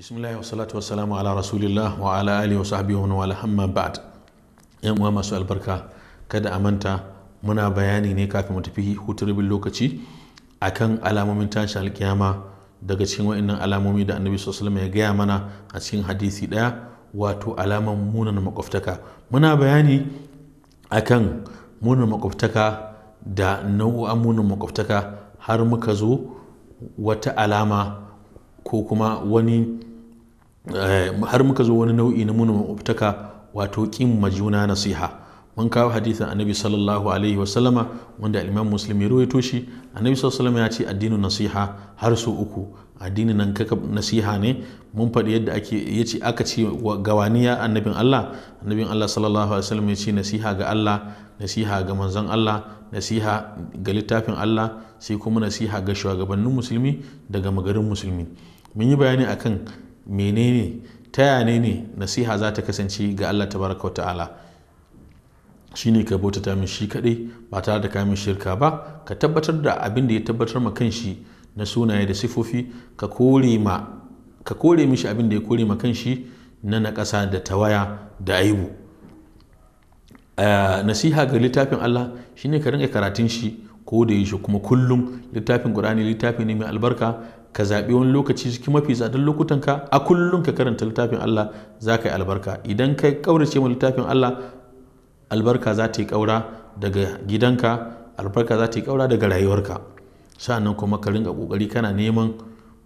bismillah wa salatu wa ala rasulillah wa ala alihi wa sahbihi wa wala hamma ba'd yan uwa masu albarka kada a manta muna bayani ne kafin mu tafi hutar bin lokaci akan alamomin tashin alkiyama daga cikin wa'annan alamomi da annabi sallallahu ya gaya mana a cikin hadisi daya wato alaman munan makwabtaka muna bayani akan munan makwabtaka da nau'o'an munan makwabtaka har muka zo wata alama ko kuma wani Eh, har muka zo wani nau'i na munin makwabtaka wato kin majuna nasiha mun kawo hadisin annabi sallallahu alaihi wasallama wanda al-imam muslim ya rawaito shi annabi sallallahu alaihi ya ce addinin nasiha har su uku addinin nan kaka nasiha ne mun faɗi yadda ake yace aka ce gawaniya annabin Allah annabin Allah sallallahu alaihi wasallam ya ce nasiha ga Allah nasiha ga manzon Allah nasiha ga littafin Allah sai kuma nasiha ga shugabannin musulmi daga magarin musulmi mun yi bayani akan menene ta yane ne nasiha za ta kasance ga Allah tabaraka wa ta'ala Shi ne ka bauta ta shi kaɗai ba tare da kamin shirka ba ka tabbatar da abin da ya tabbatar ma kanshi na sunaye da sifofi ka kore mishi abin da ya kore ma kanshi na na ƙasa da tawaya da aibu nasiha ga littafin Allah shi ne ka rinka karatun shi ko da yaushe kuma kullum littafin ƙur'ani littafi ne mai albarka ka zaɓi wani lokaci cikin mafi lokutan ka a kullum ka karanta littafin Allah za ka yi albarka idan ka ƙaurace ma littafin Allah albarka za ta yi ƙaura daga gidanka albarka za ta yi ƙaura daga rayuwarka sa'annan kuma ka ringa ƙoƙari kana neman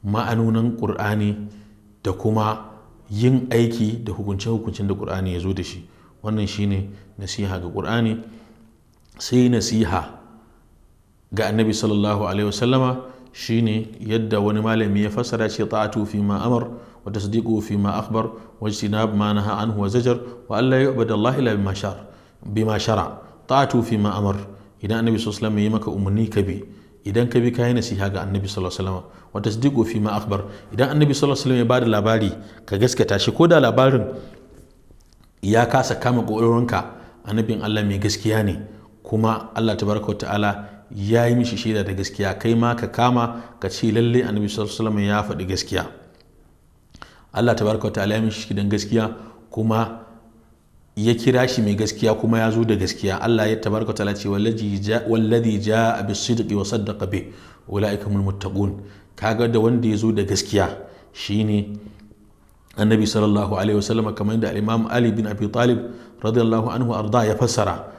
ma'anonin ƙur'ani da kuma yin aiki da hukunce hukuncin da ƙur'ani ya zo da shi wannan shine nasiha ga ƙur'ani sai nasiha ga annabi sallallahu alaihi wasallama shine yadda wani malami ya fassara ce ta'atu fi ma amar wa tasdiqu fi ma akhbar wa ijtinab ma naha anhu wa zajar wa alla yu'bada Allah illa bima shar bima shara ta'atu fi ma amar idan annabi sallallahu alaihi wasallam ya maka umarni ka bi idan ka bi ka yi nasiha ga annabi sallallahu alaihi wasallam wa tasdiqu fi ma akhbar idan annabi sallallahu alaihi wasallam ya bada labari ka gaskata shi ko da labarin ya kasa kama ƙoƙarinka annabin Allah mai gaskiya ne kuma Allah tabaraka wa ta'ala ya yi mishi shaida da gaskiya kai ma ka kama ka ce lalle annabi sallallahu ya faɗi gaskiya Allah tabaraka ta'ala ya mishi shaidan gaskiya kuma ya kira shi mai gaskiya kuma ya zo da gaskiya Allah ya tabaraka ta ce wallazi jaa bis-sidqi wa saddaqa bi ulaika humul muttaqun kaga da wanda ya zo da gaskiya shine annabi sallallahu alaihi wasallam kamar da al-imam ali bin abi talib radiyallahu anhu arda ya fassara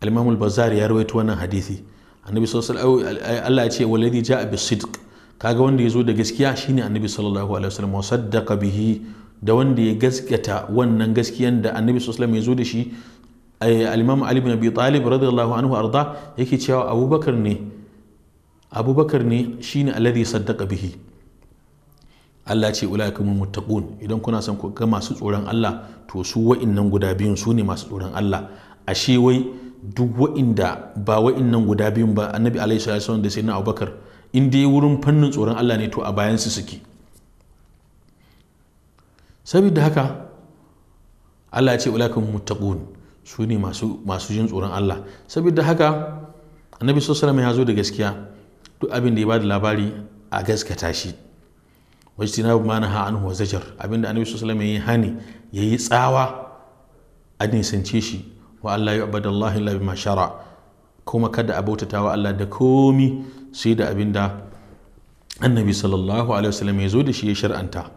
al-imamul bazar ya rawaito wannan hadisi annabi sallallahu Allah ya ce walladhi ja'a bisidq kaga wanda ya zo da gaskiya shine annabi sallallahu alaihi wasallam wa saddaqa bihi da wanda ya gaskata wannan gaskiyan da annabi sallallahu alaihi wasallam ya zo da shi al-imam ali ibn abi talib radiyallahu anhu arda yake cewa abubakar ne abubakar ne shine alladhi saddaqa bihi Allah ce ulaika mun muttaqun idan kuna son ku ga masu tsoron Allah to su wa'innan guda biyun su ne masu tsoron Allah ashe wai duk wa'inda ba wa'innan guda biyun ba annabi alaihi salatu da sai na abubakar in dai wurin fannin tsoron allah ne to a bayan su suke saboda haka allah ya ce ulakan mutaqun su ne masu jin tsoron allah saboda haka annabi sallallahu alaihi ya zo da gaskiya duk abin da ya bada labari a gaskata shi wajtina ma ha anhu wa zajar abinda annabi sallallahu alaihi ya yi hani yi tsawa a nisance shi wa Allah ya abada Allah illa bima shara kuma kada a bautata wa Allah da komi sai da abin da annabi sallallahu alaihi wasallam ya zo da shi ya shar'anta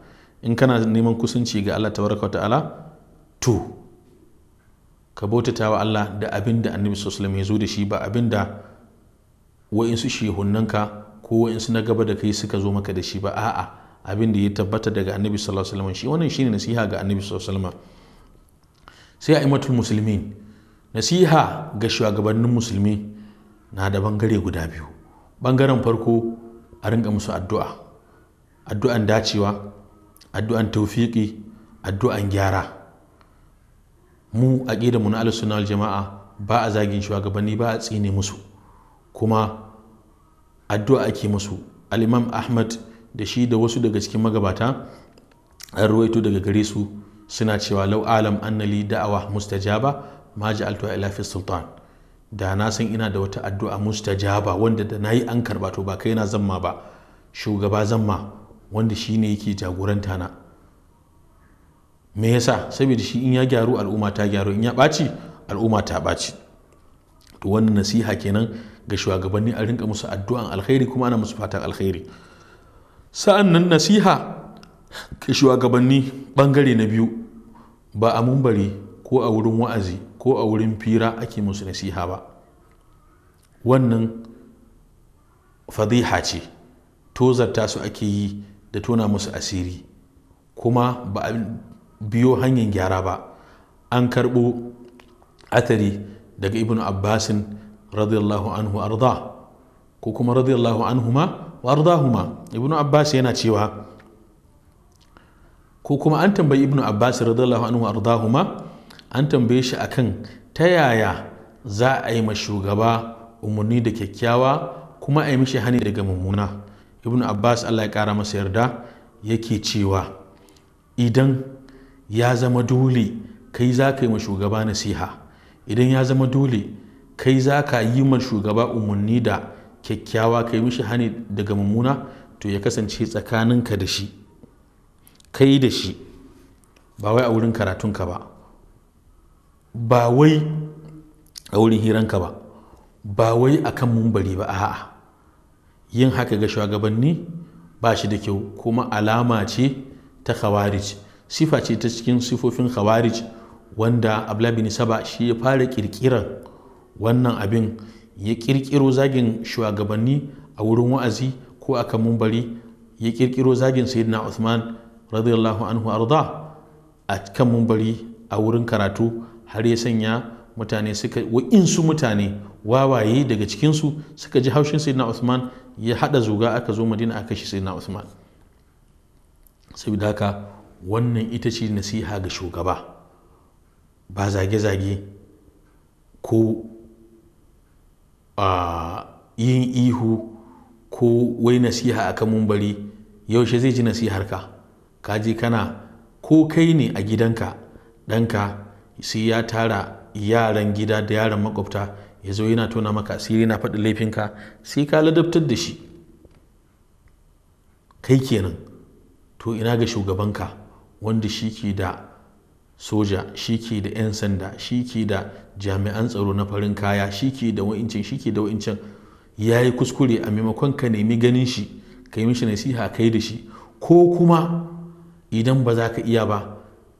in kana neman kusanci ga Allah tabaraka ta'ala to ka bautata wa Allah da abin da annabi sallallahu alaihi wasallam ya zo da shi ba abin da wa'insu shehunnanka ko wa'insu na gaba da kai suka zo maka da shi ba a'a abin da ya tabbata daga annabi sallallahu alaihi wasallam shi wannan shine nasiha ga annabi sallallahu alaihi wasallam sai a imatul muslimin nasiha ga shugabannin musulmi na da bangare guda biyu bangaren farko a ringa musu addu'a addu'an dacewa addu'an taufiki addu'an gyara mu a ƙida mu na alisunan jama'a ba a zagin shugabanni ba a tsine musu kuma addu'a ake musu al'imam ahmad da shi da wasu daga cikin magabata an ruwaito daga gare su suna cewa lau alam annali da'awa mustajaba maji ja'altu ila sultan da na san ina da wata addu'a mustajaba wanda da nayi an karba to ba kai na zamma ba shugaba zamma wanda shine yake jagoranta na me yasa saboda shi in ya gyaru al'umma ta gyaru in ya ɓaci al'umma ta ɓaci to wannan nasiha kenan ga shugabanni a rinka musu addu'an alkhairi kuma ana musu fatan alkhairi sa'an nasiha ga shugabanni bangare na biyu ba a mumbari ko a wurin wa'azi ko a wurin fira ake musu nasiha ba wannan fadiha ce tozarta su ake yi da tona musu asiri kuma ba a biyo hanyar gyara ba an karɓo atari daga ibn abbasin radiyallahu anhu arda ko kuma radiyallahu anhu ma wa huma ibn abbas yana cewa ko kuma an tambayi ibn abbas radiyallahu anhu arda huma. an tambaye shi akan ta yaya za a yi ma shugaba umarni da kyakkyawa kuma a yi mishi hani daga mummuna ibn abbas allah ya kara masa yarda yake cewa idan ya zama dole kai za ka yi ma shugaba nasiha idan ya zama dole kai za ka yi ma shugaba umarni da kyakkyawa kai yi mishi hani daga mummuna to ya kasance tsakaninka da shi kai da shi ba wai a wurin karatunka ba ba wai a wurin hiranka ba ba wai a kan mumbari ba a'a yin haka ga shugabanni ba shi da kyau kuma alama ce ta khawarij sifa ce ta cikin sifofin khawarij wanda ablabini saba shi ya fara kirkirar wannan abin ya kirkiro zagin shugabanni a wurin wa'azi ko a kan mumbari ya kirkiro zagin sayyidina Usman radiyallahu anhu arda a kan mumbari a wurin karatu har ya sanya mutane suka wa'insu mutane wawaye daga cikinsu suka ji haushin sayyidina Uthman ya haɗa zuga aka zo madina aka shi sayyidina Uthman saboda haka wannan ita ce nasiha ga shugaba ba zage-zage ko a yin ihu ko wai nasiha a kan mumbari yaushe zai ji nasiharka? ka kaji kana ko kai ne a gidanka ɗanka sai ya tara yaran gida da yaran makwabta ya zo yana tona maka asiri yana laifin laifinka sai ka ladabtar da shi kai kenan to ina ga shugabanka wanda shi ke da soja shi ke da 'yan sanda shi ke da jami'an tsaro na farin kaya shi ke da wa'incin shi ke da wa'incin ya yi kuskure a maimakon ka nemi ganin shi ka yi mishi nasiha kai da shi ko kuma idan ba za ka iya ba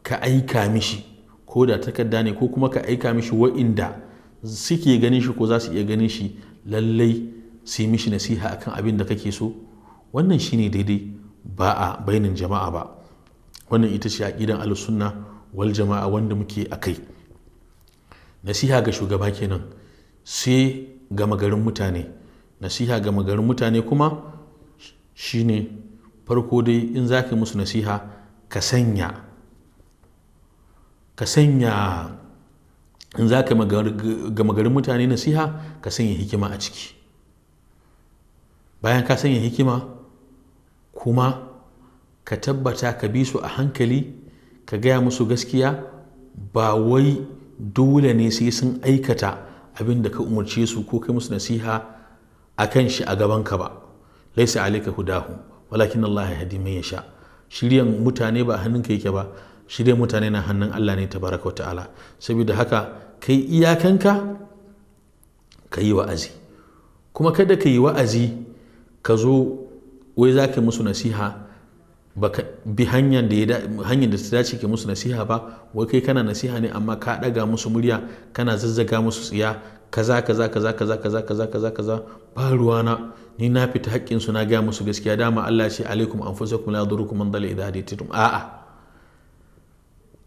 ka aika mishi ko da takarda ne ko kuma ka aika mishi wa'inda suke ganin shi ko za su iya ganin shi lallai su mishi nasiha akan abin da kake so wannan shine daidai ba a bainin jama'a ba wannan ita ce aqidan al-sunna wal jama'a wanda muke a kai nasiha ga shugaba kenan sai gama garin mutane nasiha gama garin mutane kuma shine farko dai in za musu nasiha ka sanya ka sanya in za ka gama garin mutane nasiha ka sanya hikima a ciki bayan ka sanya hikima kuma ka tabbata ka bi su a hankali ka gaya musu gaskiya ba wai dole ne sai sun aikata abin da ka umarce su ko kai musu nasiha a kan shi a gabanka ba laisa alaika hudahu walakin Allah ya hadi mai sha. shiryan mutane ba hannunka yake ba shirya mutane na hannun Allah ne tabaraka wa ta'ala saboda haka kai iyakanka ka yi wa'azi kuma kada ka yi wa'azi ka zo wai za ka musu nasiha ba bi hanyar da ta dace ke musu nasiha ba wai kai kana nasiha ne amma ka ɗaga musu murya kana zazzaga musu tsiya kaza kaza kaza kaza kaza kaza kaza kaza ba ruwana ni na fita haƙƙinsu na gaya musu gaskiya dama Allah ya ce alaikum anfusakum la yadurukum man dalla idha hadaytum a'a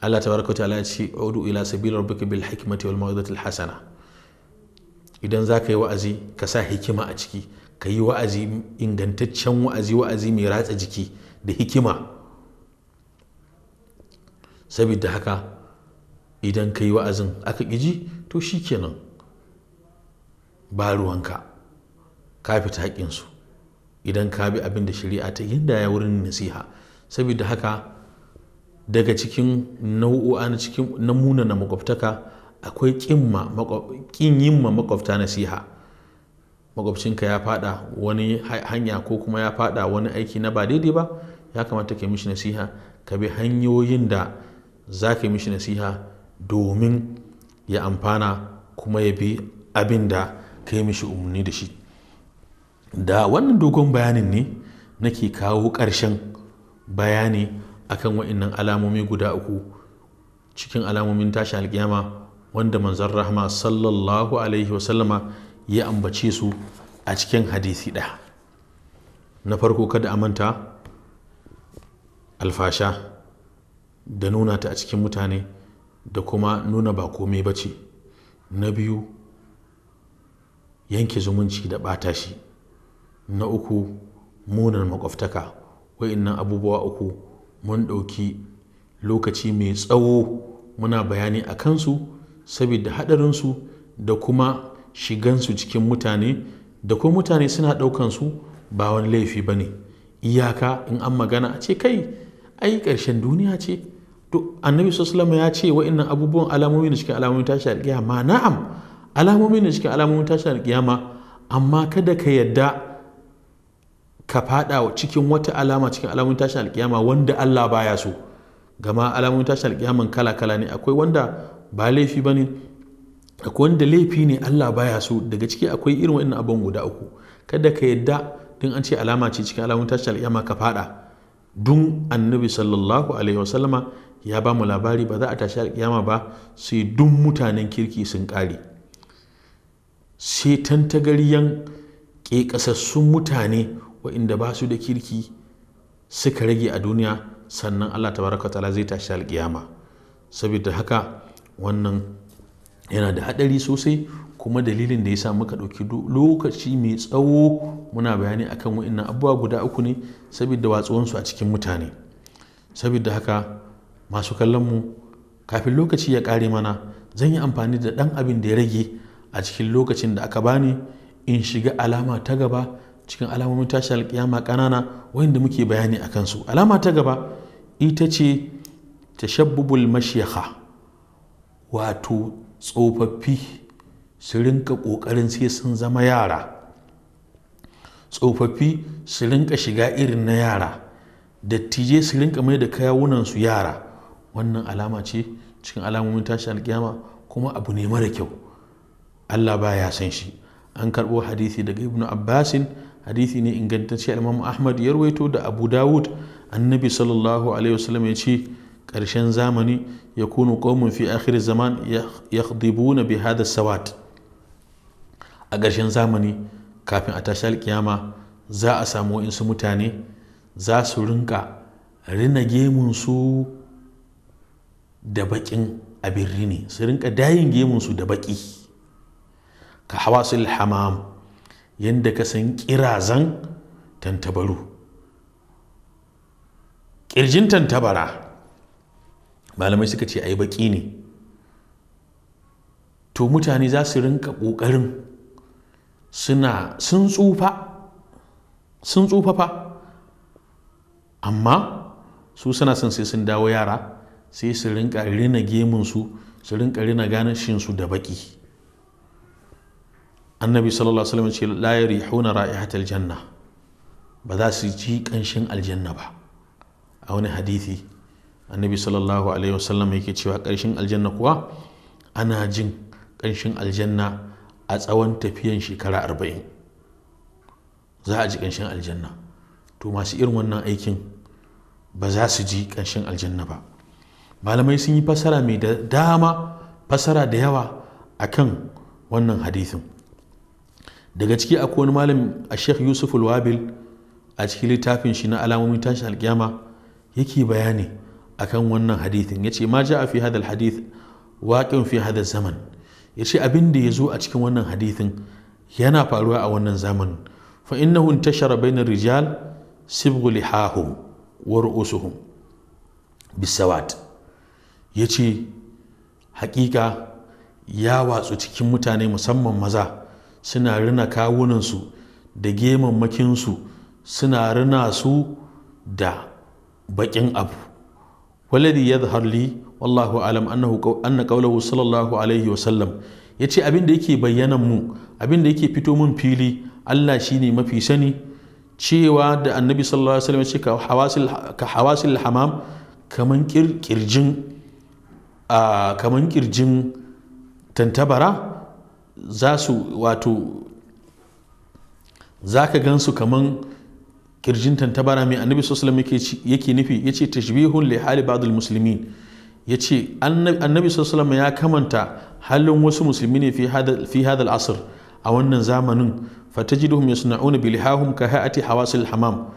Allah tabaraka ta'ala ya ce udu ila sabil rabbika bil hikmati wal mau'izatil hasana idan za ka yi wa'azi ka sa hikima a ciki ka yi wa'azi ingantaccen wa'azi wa'azi mai ratsa jiki da hikima saboda haka idan ka yi wa'azin aka ƙiji to shi kenan ba ruwanka ka fita haƙinsu idan ka bi abin da shari'a ta da ya wurin nasiha saboda haka daga cikin nau'o'a na cikin na makwabtaka akwai kin yin ma makwabta nasiha makwabcinka ya fada wani hanya ko kuma ya fada wani aiki na ba daidai ba ya kamata ka yi mishi nasiha ka bi hanyoyin da za ka yi mishi nasiha domin ya amfana kuma ya bi abin da ka yi mishi umarni da shi da wannan dogon bayanin ne nake kawo ƙarshen bayani akan wa'annan alamomi guda uku cikin alamomin tashi alkiyama wanda manzan rahma sallallahu alaihi wasallama ya ambace su a cikin hadisi ɗaya na farko kada a manta alfasha da nuna ta a cikin mutane da kuma nuna ba komai ba ce na biyu yanke zumunci da ɓata shi na uku munar makwabtaka wa'innan abubuwa uku mun ɗauki lokaci mai tsawo muna bayani a kansu saboda haɗarinsu da kuma shigansu cikin mutane da kuma mutane suna ɗaukansu ba wani laifi ba ne iyaka in an magana a ce kai ai ƙarshen duniya ce to annabi sallama ya ce wa'annan abubuwan alamomi na cikin alamomin tashi alƙiyama na'am alamomi na cikin alamomin tashi alƙiyama amma kada ka yadda ka fada cikin wata alama cikin alamun tashin alkiyama wanda Allah baya so gama alamun tashin alkiyaman kala kala ne akwai wanda ba laifi bane akwai wanda laifi ne Allah baya so daga ciki akwai irin wannan abun guda uku kada ka yadda din an ce alama ce cikin alamun tashin alkiyama ka fada dun annabi sallallahu alaihi wasallama ya ba mu labari ba za a tashi alkiyama ba sai dun mutanen kirki sun kare sai tantagariyan ƙeƙasassun mutane waɗanda ba su da kirki suka rage a duniya sannan allah tabaraka ta'ala zai tashi alƙiyama saboda haka wannan yana da haɗari sosai kuma dalilin da ya sa muka ɗauki lokaci mai tsawo muna bayani akan wa'annan abubuwa guda uku ne saboda watsuwansu a cikin mutane saboda haka masu kallonmu kafin lokaci ya ƙare mana zan yi amfani da ɗan abin da ya rage a cikin lokacin da aka bani in shiga alama ta gaba cikin alamomin tashi alkiyama ƙanana wanda muke bayani a kansu alama ta gaba ita ce tashabbubul mashiyaka wato tsofaffi su rinka ƙoƙarin sai sun zama yara tsofaffi su rinka shiga irin na yara dattijai su rinka mai da su yara wannan alama ce cikin alamomin tashi alkiyama kuma abu ne mara kyau allah ba ya san shi an karɓo hadisi daga ibn abbasin hadisi ne ingantacce imamu ahmad ya rawaito da abu dawud annabi sallallahu alaihi wasallam ya ce ƙarshen zamani ya kunu qaumun fi akhir zaman dibuna bi hada sawat a ƙarshen zamani kafin a tashi alkiyama za a samu wa'insu mutane za su rinka rina gemunsu da baƙin abin rini su rinka dayin gemunsu da baƙi ka su hamam yadda ka san kirazan tantabaru Ƙirjin tantabara malamai suka ce a yi baƙi ne to mutane za su rinka ƙoƙarin suna sun tsufa sun tsufa amma su suna son sai sun dawo yara sai su rinka rina gemunsu su rinka rina ganin shinsu da baƙi. annabi sallallahu alaihi wasallam ce la yarihuna ra'ihatal janna ba za su ji kanshin aljanna ba a wani hadithi annabi sallallahu alaihi wasallam yake cewa karshen aljanna kuwa ana jin kanshin aljanna a tsawon tafiyan shekara arba'in za a ji kanshin aljanna to masu irin wannan aikin ba za su ji kanshin aljanna ba malamai sun yi fasara mai da dama fasara da yawa akan wannan hadithin daga ciki akwai wani malam a sheikh yusuf wabil a cikin littafin shi na alamomin tashin alkiyama yake bayani akan wannan hadithin ya ce ma ja fi hadal hadith waƙin fi hadal zaman ya ce abin da ya zo a cikin wannan hadithin yana faruwa a wannan zamanin fa innahu intashara bainar rijal sibghu lihahum wa ru'usuhum bisawat ya ce hakika ya watsu cikin mutane musamman maza suna rina kawunansu da gemammakinsu suna rina su da baƙin abu waladi ya li wallahu alam anna sallallahu alaihi wasallam yace abin da yake bayyanan mu abin da yake fito mun fili Allah shine mafi sani cewa da annabi sallallahu alaihi wasallam ce ka hawasil hamam kaman kirjin kaman kirjin tantabara za su wato za ka gan su kaman kirjin tantabara mai annabi sallallahu yake nufi ya ce tashbihun li hali ba'dul muslimin ya ce annabi sallallahu ya kamanta halin wasu musulmi ne fi hadal asir a wannan zamanin fatajiduhum yasna'una bilhahum ka ha'ati hawasil hamam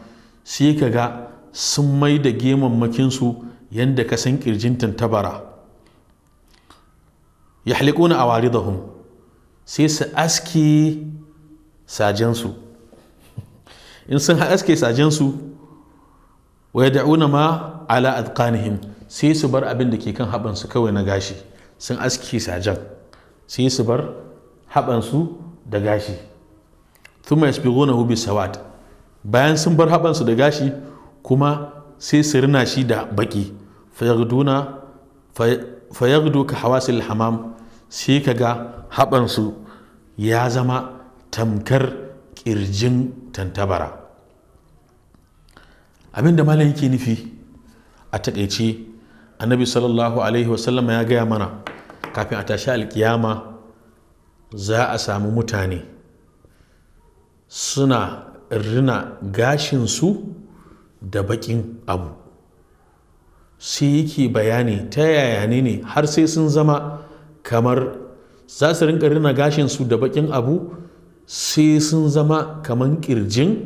sai ka ga sun mai da gemammakin su yanda ka san kirjin tantabara yahliquna awaridahum sai su aske sajensu in sun aske sajensu wa ya da'una ma ala adqanihim sai su bar abin da ke kan haɓansu kawai na gashi sun aske sajen sai su bar haɓansu da gashi thumma hubi sawad bayan sun bar haɓansu da gashi kuma sai su rina shi da baki fayagdu ka hawasil hamam sai ka ga haɓansu ya zama tamkar ƙirjin tantabara Abinda da malam yake nufi a taƙaice annabi sallallahu alaihi wasallam ya gaya mana kafin a tashi alƙiyama za a samu mutane suna rina gashinsu da baƙin abu sai yake bayani ta yaya ne har sai sun zama kamar za su rinka rina gashinsu da bakin abu sai sun zama kamar kirjin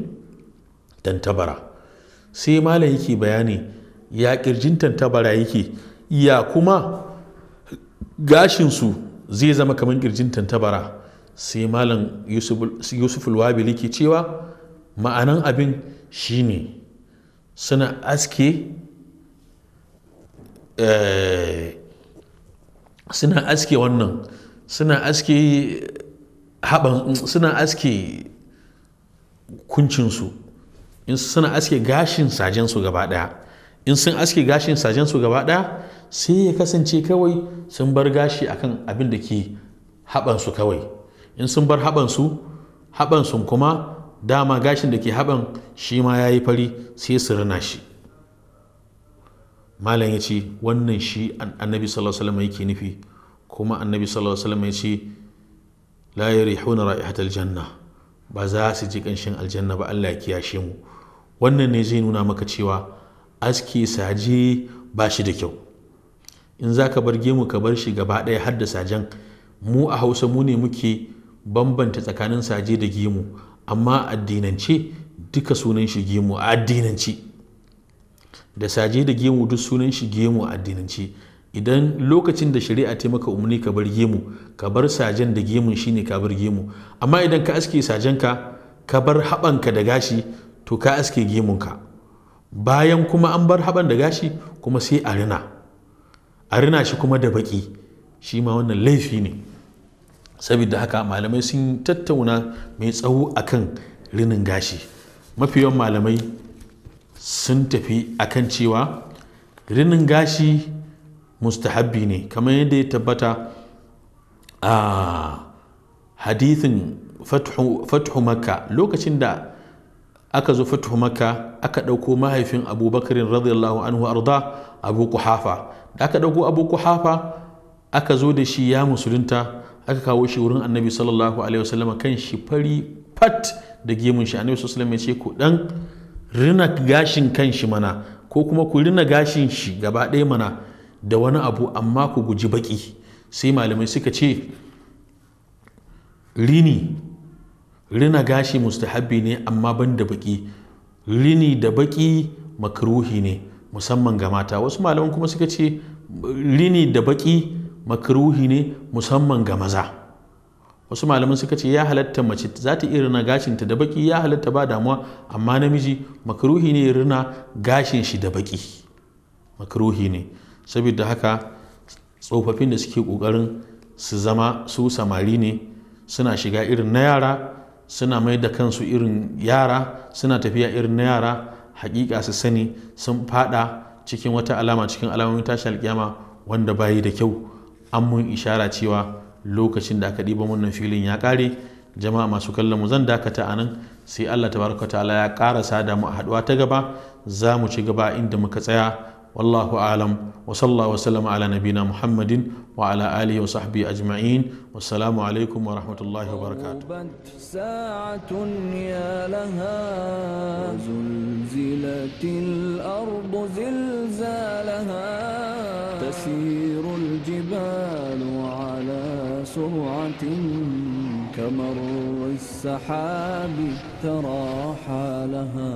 tantabara sai malam yake bayani ya kirjin tantabara yake ya kuma gashinsu zai zama kamar kirjin tantabara sai malam yusuf alwabili ke cewa ma'anan abin shine suna aske eh, suna aske wannan suna aske haɓan suna aske kuncinsu in suna aske gashin sajensu gaba ɗaya in sun aske gashin sajensu gaba ɗaya sai ya kasance kawai sun bar gashi akan abin da ke haɓansu kawai in sun bar haɓansu haɓansu kuma dama gashin da ke haɓan shi ma ya yi fari sai su rana shi malam ya ce wannan shi annabi sallallahu alaihi wasallam yake nufi kuma annabi sallallahu alaihi wasallam ya ce la yarihuna ra'ihatal janna ba za su ji kanshin aljanna ba Allah ya kiyashe mu wannan ne zai nuna maka cewa aski saje ba shi da kyau in za ka bar gemu ka bar shi gaba ɗaya har da sajen mu a hausa mu ne muke bambanta tsakanin saje da gemu amma addinance duka sunan shi gemu a addinance da saje da gemu duk sunan shi gemu addinance idan lokacin da shari'a ta maka umarni ka bar gemu ka bar sajen da gemun shine ka bar gemu amma idan ka aske sajen ka ka bar ka da gashi to ka aske gemun ka bayan kuma an bar haɓan da gashi kuma sai a rina a rina shi kuma da baƙi shi ma wannan laifi ne saboda haka malamai sun tattauna mai tsawo akan rinin gashi mafi yawan malamai sun tafi akan cewa rinin gashi mustahabbi ne kamar yadda ya tabbata a hadithin fathu makka lokacin da aka zo fathu makka aka ɗauko mahaifin abubakarin radiyallahu anhu arda abu kuhafa da aka ɗauko abu kuhafa aka zo da shi ya musulunta aka kawo shi wurin annabi sallallahu alaihi wasallam kan shi fari fat da gemun shi annabi sallallahu alaihi wasallam ya ce ku dan rina gashin kanshi mana ko kuma ku rina gashin shi gaba ɗaya mana da wani abu amma ku guji baƙi sai malamai suka ce rini rina gashi mustahabbi ne amma ban da baƙi rini da baƙi makruhi ne musamman ga mata wasu malaman kuma suka ce rini da baƙi makruhi ne musamman ga maza wasu malaman suka ce ya halatta mace za ta iya rina gashinta da baki ya halatta ba damuwa amma namiji makaruhi ne rina gashin shi da baki makaruhi ne saboda haka tsofaffin da suke kokarin su zama su samari ne suna shiga irin na yara suna mai da kansu irin yara suna tafiya irin na yara hakika su sani sun fada cikin wata alama cikin alamomin tashi alkiyama wanda bayi da kyau an mun ishara cewa lokacin da aka diba wannan filin ya kare jama'a masu kallon mu zan dakata anan sai Allah tabaraka ta'ala ya karasa da mu haduwa ta gaba za mu ci gaba inda muka tsaya wallahu alam wa sallallahu wa sallama ala nabina muhammadin wa ala alihi wa sahbihi ajma'in wassalamu alaikum wa rahmatullahi wa barakatuh تسير الجبال سرعة كمر السحاب ترى حالها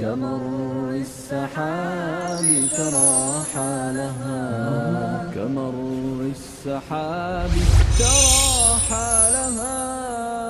كمر السحاب ترى حالها كمر السحاب ترى حالها